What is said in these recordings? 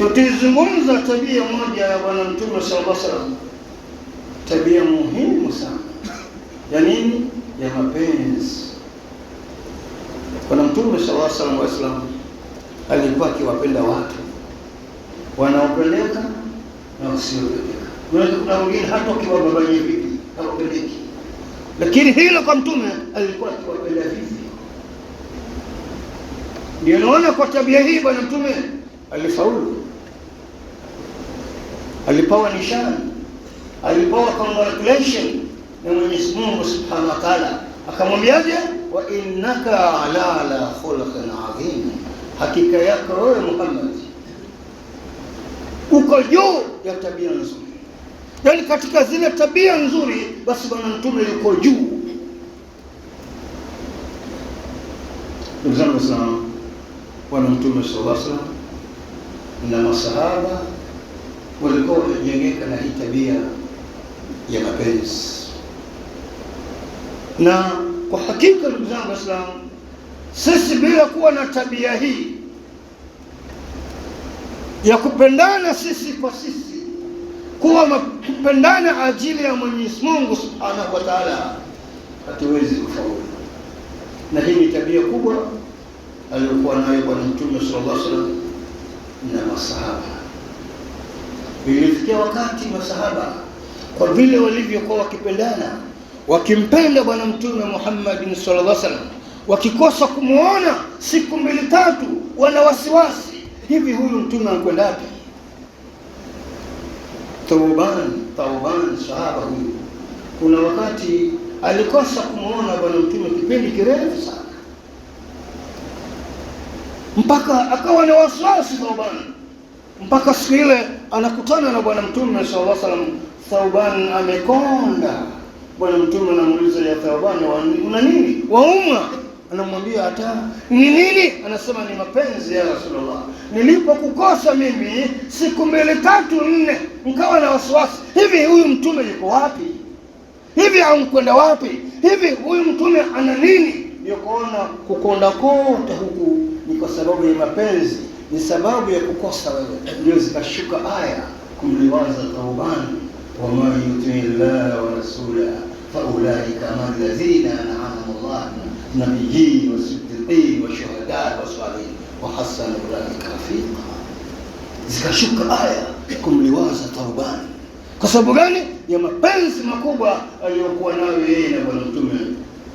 Tutizungumza tabia moja ya Bwana Mtume sallallahu alaihi wasallam, tabia muhimu sana ya nini? Ya mapenzi. Bwana Mtume sallallahu alaihi wasallam alikuwa akiwapenda watu wanaopendeka na wasiopendeka. Unaweza kuna wengine hata ukiwa babaji vipi hawapendeki, lakini hilo kwa Mtume alikuwa akiwapenda vipi? Ndio naona kwa tabia hii Bwana Mtume alifaulu alipewa nishani, alipewa congratulation na Mwenyezi Mungu Subhanahu wa Ta'ala, akamwambiaje? wa innaka la ala khulqin adhim, hakika yako wewe Muhammad uko juu ya tabia nzuri. yani katika zile tabia nzuri, basi bwana mtume yuko juu. Ndugu zangu sana bwana mtume sallallahu alaihi wasallam na masahaba walikuwa wamejengeka na hii tabia ya mapenzi. Na kwa hakika, ndugu zangu Waislamu, sisi bila kuwa na tabia hii ya kupendana sisi kwa sisi, kuwa kupendana ajili ya Mwenyezi Mungu Subhanahu wa Ta'ala, hatuwezi kufaulu. Na hii ni tabia kubwa aliyokuwa nayo Bwana Mtume sallallahu alaihi wasallam na masahaba Ilifikia wakati masahaba kwa vile walivyokuwa wakipendana, wakimpenda Bwana Mtume Muhammad sallallahu alaihi wasallam, wakikosa kumwona siku mbili tatu, wana wasiwasi, hivi huyu mtume anakwenda wapi? Tauban, Tauban sahaba huyu, kuna wakati alikosa kumwona Bwana Mtume kipindi kirefu sana, mpaka akawa na wasiwasi Tauban, mpaka siku ile anakutana na Bwana Mtume sallallahu alaihi wasallam. Thauban amekonda. Bwana Mtume anamuuliza ya Thauban, una nini? Waumwa? Anamwambia hata ni nini? Anasema ni mapenzi ya Rasulullah. Nilipokukosa mimi siku mbili tatu nne, nikawa na wasiwasi, hivi huyu mtume yuko wapi? Hivi amkwenda wapi? Hivi huyu mtume ana nini? Yokoona kukonda kote huku ni kwa sababu ya mapenzi ni sababu ya kukosa wewe, ndio zikashuka aya kumliwaza Thauban, waman yutii llaha wa rasula faulaika ma wa an'ama wa nabiyyin wa washuhada wa wahasana ulaika rafiqa. Zikashuka aya kumliwaza Thauban kwa sababu gani? Ya mapenzi makubwa aliyokuwa nayo yeye na Bwana Mtume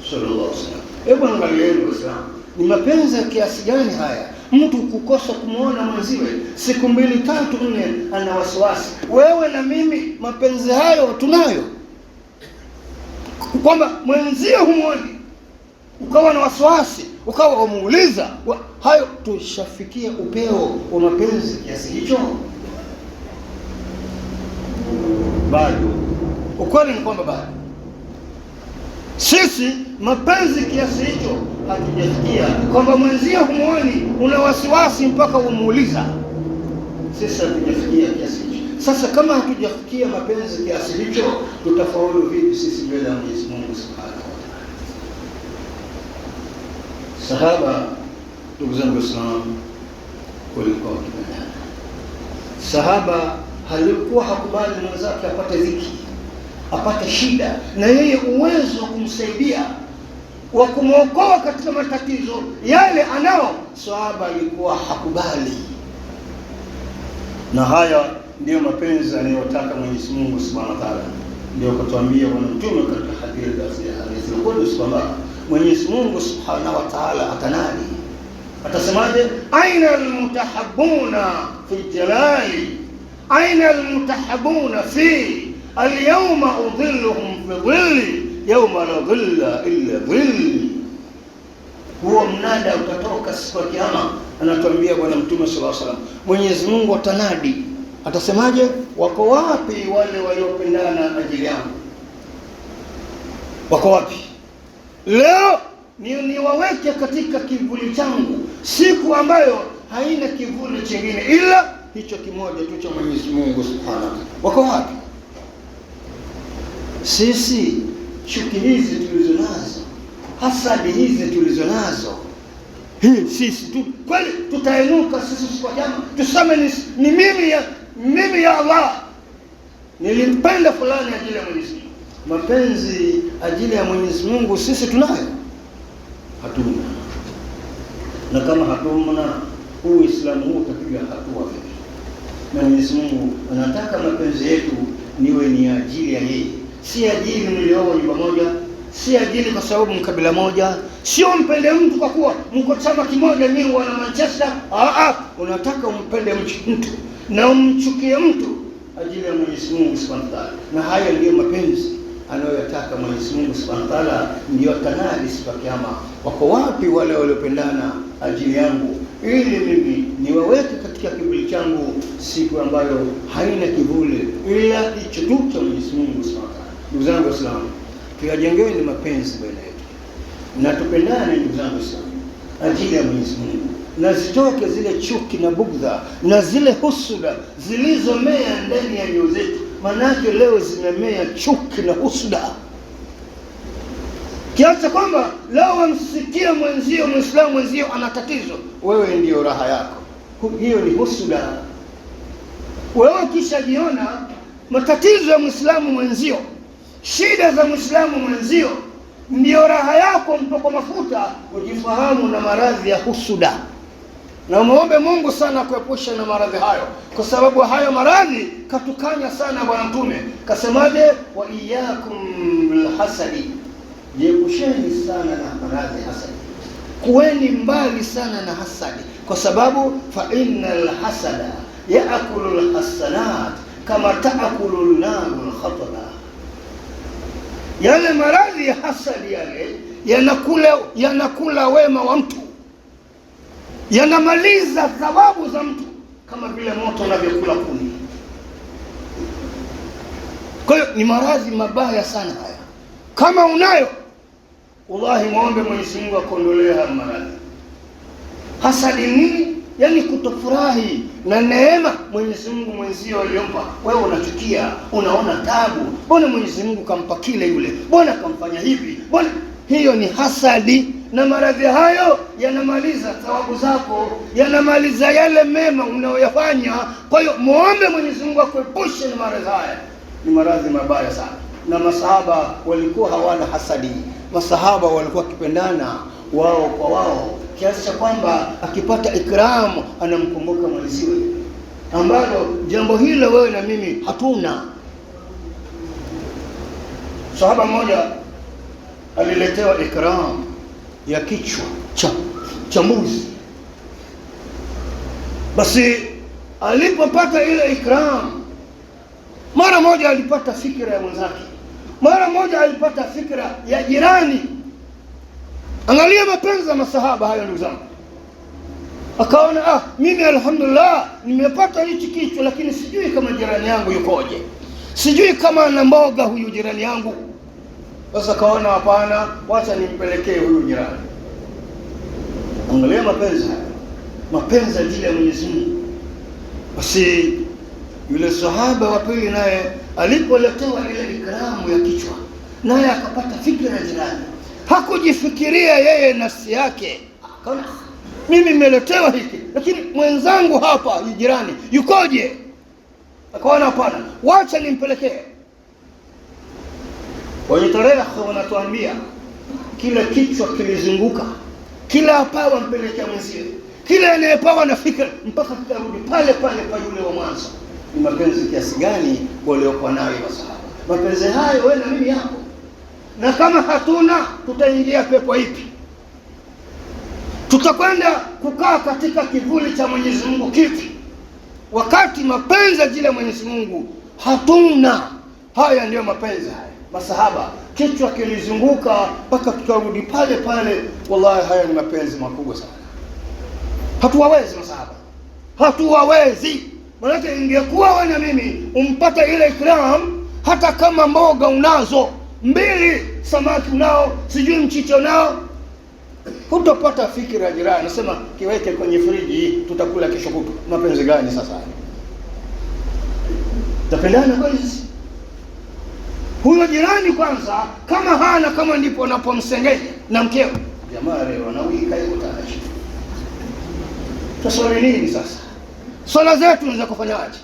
sallallahu alaihi wasallam. Hebu angalieni Waislamu, ni mapenzi ya kiasi gani haya mtu kukosa kumwona mwenziwe siku mbili tatu nne, ana wasiwasi. Wewe na mimi mapenzi hayo tunayo, kwamba mwenzio humwoni, ukawa na wasiwasi, ukawa umuuliza wa, hayo tushafikia upeo wa mapenzi kiasi hicho? Bado. Ukweli ni kwamba bado sisi mapenzi kiasi hicho hatujasikia kwamba mwenzio humuoni, una wasiwasi mpaka umuuliza. Sisi hatujafikia kiasi hicho. Sasa kama hatujafikia mapenzi kiasi hicho, tutafaulu vipi sisi mbele ya Mwenyezi Mungu subhanahu wa taala? Sahaba, ndugu zangu Waislamu, walikuwa wakipendana. Sahaba halikuwa hakubali mwenzake apate dhiki, apate shida, na yeye uwezo wa kumsaidia wa kumwokoa katika matatizo yale anao, sahaba alikuwa hakubali. Na haya ndiyo mapenzi anayotaka Mwenyezi Mungu Subhanahu wa Ta'ala, ndio kutuambia Bwana Mtume katika hadithi ya Qudsi kwamba Mwenyezi Mungu Subhanahu wa Ta'ala atanadi, atasemaje? aina almutahabuna fi jalali aina almutahabuna fi alyawma udhilluhum fi dhilli yauma la dhilla illa dhill. Huo mnada utatoka siku ya Kiyama, anatuambia Bwana Mtume sallallahu alaihi wasallam. Mwenyezi Mungu atanadi, atasemaje? Wako wapi wale waliopendana ajili yangu? Wako wapi leo? Ni niwaweke katika kivuli changu, siku ambayo haina kivuli chingine ila hicho kimoja tu cha Mwenyezi Mungu subhanahu. Wako wapi sisi chuki hizi tulizo nazo, hasadi hizi tulizo nazo, hii sisi tu kweli tutainuka sisi kwa jama, tuseme ni, ni mimi ya mimi ya Allah nilimpenda fulani ajili ya Mwenyezi Mungu. Mapenzi ajili ya Mwenyezi Mungu sisi tunayo? Hatuna. Na kama hatuna, huu Uislamu huu utapiga hatua vipi? Mwenyezi Mungu anataka mapenzi yetu niwe ni ajili ya yeye si ya mwili wao nyumba moja, si ajini kwa sababu mkabila moja, sio mpende mtu kwa kuwa mko chama kimoja, ni wana Manchester. Ah, ah, unataka umpende mtu na umchukie mtu ajili ya Mwenyezi Mungu Subhanahu wa Ta'ala, na haya ndiyo mapenzi anayoyataka Mwenyezi Mungu Subhanahu wa Ta'ala, ndio atanadi siku ya Kiyama. Wako wapi wale waliopendana ajili yangu, ili mimi niwaweke katika kivuli changu siku ambayo haina kivuli ila kicho cha Mwenyezi Mungu Subhanahu Ndugu zangu Waislamu, tuyajengeweni mapenzi baina yetu na tupendane, ndugu zangu Waislamu, ajili ya Mwenyezi Mungu, na zitoke zile chuki na bugdha na zile husuda zilizomea ndani ya nyoyo zetu. Maanake leo zimemea chuki na husuda kiasi kwamba leo wamsikia mwenzio Mwislamu mwenzio ana tatizo, wewe ndiyo raha yako. Hiyo ni husuda. Wewe ukishajiona matatizo ya Mwislamu mwenzio shida za mwislamu mwenzio ndio raha yako mpoko mafuta, ujifahamu na maradhi ya husuda, na muombe Mungu sana kuepusha na maradhi hayo, kwa sababu hayo maradhi katukanya sana Bwana Mtume kasemaje, wa iyakum lhasadi, jiepusheni sana na maradhi hasadi, kuweni mbali sana na hasadi, kwa sababu fa lhasada yakulu lhasanat kama taakulu naru lkhataba yale maradhi ya hasadi yale yanakula yanakula wema wa mtu, yanamaliza thawabu za mtu kama vile moto unavyokula kuni. Kwa hiyo ni maradhi mabaya sana haya. Kama unayo wallahi, muombe Mwenyezi Mungu akondolee haya maradhi. Hasadi nini? yani kutofurahi na neema Mwenyezi Mungu mwenzio aliyompa wewe, unachukia, unaona tabu. Mbona Mwenyezi Mungu kampa kile yule, mbona kamfanya hivi, mbona? Hiyo ni hasadi, na maradhi hayo yanamaliza thawabu zako, yanamaliza yale mema unayoyafanya. Kwa hiyo muombe Mwenyezi Mungu akuepushe na maradhi haya, ni maradhi mabaya sana. Na masahaba walikuwa hawana hasadi, masahaba walikuwa wakipendana wao kwa wao kiasi cha kwamba akipata ikramu anamkumbuka mwenziwe, ambalo jambo hilo wewe na mimi hatuna. Sahaba mmoja aliletewa ikramu ya kichwa cha, cha mbuzi. Basi alipopata ile ikramu, mara moja alipata fikira ya mwenzake, mara moja alipata fikira ya jirani Angalia mapenzi ya masahaba hayo, ndugu zangu. Akaona ah, mimi alhamdulillah nimepata hichi kichwa, lakini sijui kama jirani yangu yukoje, sijui kama ana mboga huyu jirani yangu. Sasa kaona hapana, wacha nimpelekee huyu jirani. Angalia mapenzi mapenzi ajili ya Mwenyezi Mungu. Basi yule sahaba wa pili naye alipoletewa ile ikramu ya kichwa, naye akapata fikra ya jirani hakujifikiria yeye nafsi yake, mimi nimeletewa hiki, lakini mwenzangu hapa jirani yukoje? Akaona hapana, wacha nimpelekee. kwenye tarekha wanatuambia kila kichwa kilizunguka, kila apawa mpelekea mwenzie, kila anayepawa na fikra mpaka kitarudi pale pale pa yule wa mwanzo. Ni mapenzi kiasi gani waliokuwa nayo masahaba? Mapenzi hayo wewe na mimi yako na kama hatuna tutaingia pepo ipi? Tutakwenda kukaa katika kivuli cha Mwenyezi Mungu kipi, wakati mapenzi ya ajili ya Mwenyezi Mungu hatuna? Haya ndiyo mapenzi haya, masahaba kichwa kilizunguka mpaka tukarudi pale pale. Wallahi, haya ni mapenzi makubwa sana, hatuwawezi masahaba, hatuwawezi. Maanake ingekuwa wewe na mimi umpata ile ikram, hata kama mboga unazo mbili samaki unao, sijui mchicha nao, hutopata fikira jirani. Nasema kiweke kwenye friji, tutakula kesho kutu. Mapenzi gani sasa? Tapendana kweli? Huyo jirani kwanza, kama hana kama ndipo anapomsengenya na mkeo, jamaa leo wika yuko tayari. Tuswali nini sasa? Swala zetu za kufanyaje?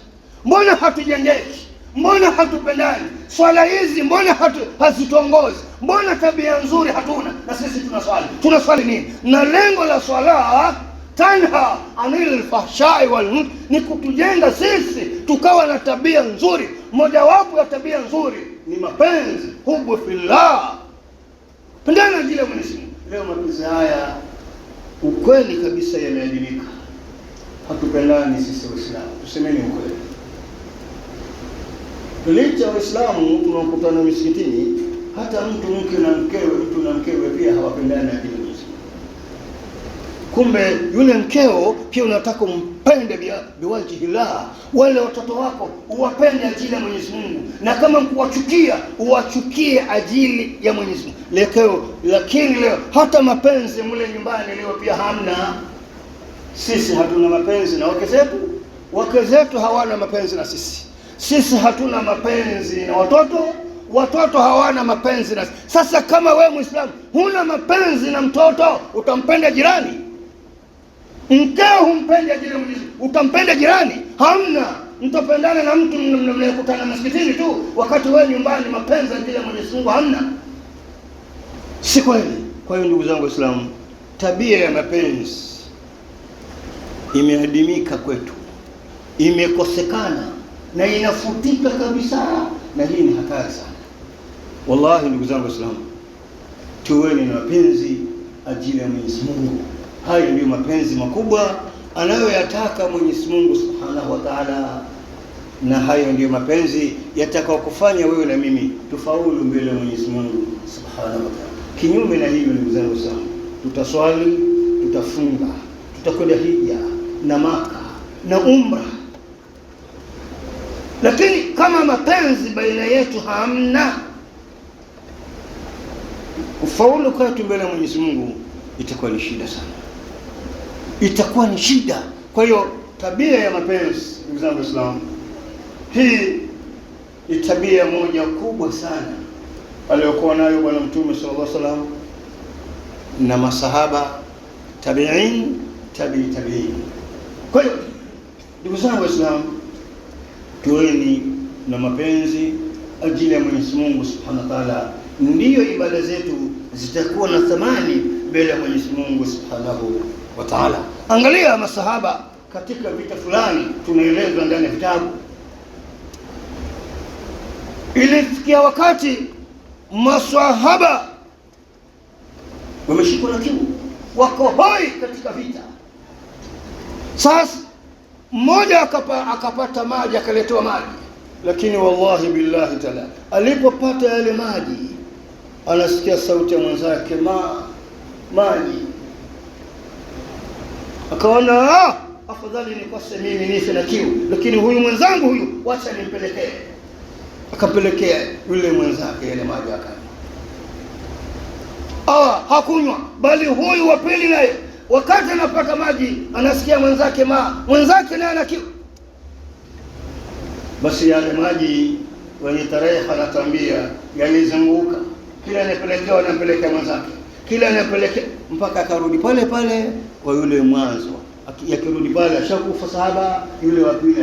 Mbona hatujengeki? mbona hatupendani? Swala hizi mbona hatu hazitongozi? Mbona tabia nzuri hatuna? Na sisi tunaswali, tunaswali nini? Na lengo la swala tanha anil fahshai wal ni kutujenga sisi tukawa na tabia nzuri. Mojawapo ya tabia nzuri ni mapenzi, hubu fillah, pendana ajili ya Mwenyezi Mungu. Leo mapenzi haya ukweli kabisa yameadilika, hatupendani sisi Waislamu, tusemeni ukweli. Licha Waislamu tunakutana misikitini, hata mtu mke na mkewe, mtu na mkewe pia hawapendani na dini Kumbe yule mkeo pia unataka umpende biwajihillah, wale watoto wako uwapende ajili ya Mwenyezi Mungu, na kama kuwachukia uwachukie ajili ya Mwenyezi Mungu. Lekeo lakini leo hata mapenzi mule nyumbani leo pia hamna. Sisi hatuna mapenzi na wake zetu, wake zetu hawana mapenzi na sisi sisi hatuna mapenzi na watoto, watoto hawana mapenzi na sasa. Kama wewe Muislamu huna mapenzi na mtoto, utampenda jirani? Mkeo humpenda jirani, utampenda jirani? Hamna, mtapendana na mtu mnayekutana msikitini tu, wakati wewe nyumbani mapenzi ajili ya Mwenyezi Mungu hamna, si kweli? Kwa hiyo ndugu zangu Waislamu, tabia ya mapenzi imeadimika kwetu, imekosekana na inafutika kabisa, na hii ni hatari sana. Wallahi ndugu zangu Waislamu, tuweni na mapenzi ajili ya Mwenyezi Mungu. Hayo ndiyo mapenzi makubwa anayoyataka Mwenyezi Mungu Subhanahu wa Ta'ala, na hayo ndiyo mapenzi yatakao kufanya wewe na mimi tufaulu mbele ya Mwenyezi Mungu Subhanahu wa Ta'ala. Kinyume na hivyo, ndugu zangu Waislamu, tutaswali, tutafunga, tutakwenda hija na Maka na umra lakini kama mapenzi baina yetu hamna, ufaulu kwetu mbele ya Mwenyezi Mungu itakuwa ni shida sana, itakuwa ni shida. Kwa hiyo tabia ya mapenzi, ndugu zangu Waislamu, hii ni tabia moja kubwa sana aliyokuwa nayo Bwana Mtume sallallahu alaihi wasallam na masahaba tabiin tabii tabiin. Kwa hiyo ndugu zangu Waislamu tuweni na mapenzi ajili ya Mwenyezi Mungu Subhanahu wa Ta'ala, ndiyo ibada zetu zitakuwa na thamani mbele ya Mwenyezi Mungu Subhanahu wa Ta'ala. Angalia masahaba katika vita fulani, tunaelezwa ndani ya vitabu, ilifikia wakati masahaba wameshikwa na kiu, wako hoi katika vita sasa mmoja akapa, akapata maji akaletewa maji, lakini wallahi billahi taala, alipopata yale maji anasikia sauti ya mwenzake ma maji, akaona ah, afadhali nikose mimi nife na kiu, lakini huyu mwenzangu huyu, wacha nimpelekee. Akapelekea yule mwenzake yale maji akanywa. Ah, hakunywa bali huyu wa pili naye Wakati anapata maji anasikia mwenzake ma mwenzake naye anaki Basi yale maji wenye tarehe anatambia yalizunguka, kila anapelekea anampelekea mwenzake, kila anapelekea mpaka akarudi pale pale kwa yule mwanzo. Yakirudi pale ashakufa sahaba yule wa pili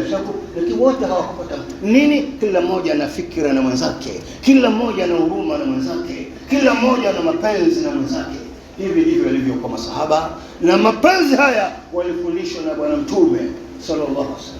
lakini wote hawakupata nini. Kila mmoja ana fikira na mwenzake, kila mmoja ana huruma na mwenzake, kila mmoja ana mapenzi na mwenzake. Hivi ndivyo ilivyokuwa masahaba, na mapenzi haya walifundishwa na Bwana Mtume sallallahu alaihi wasallam.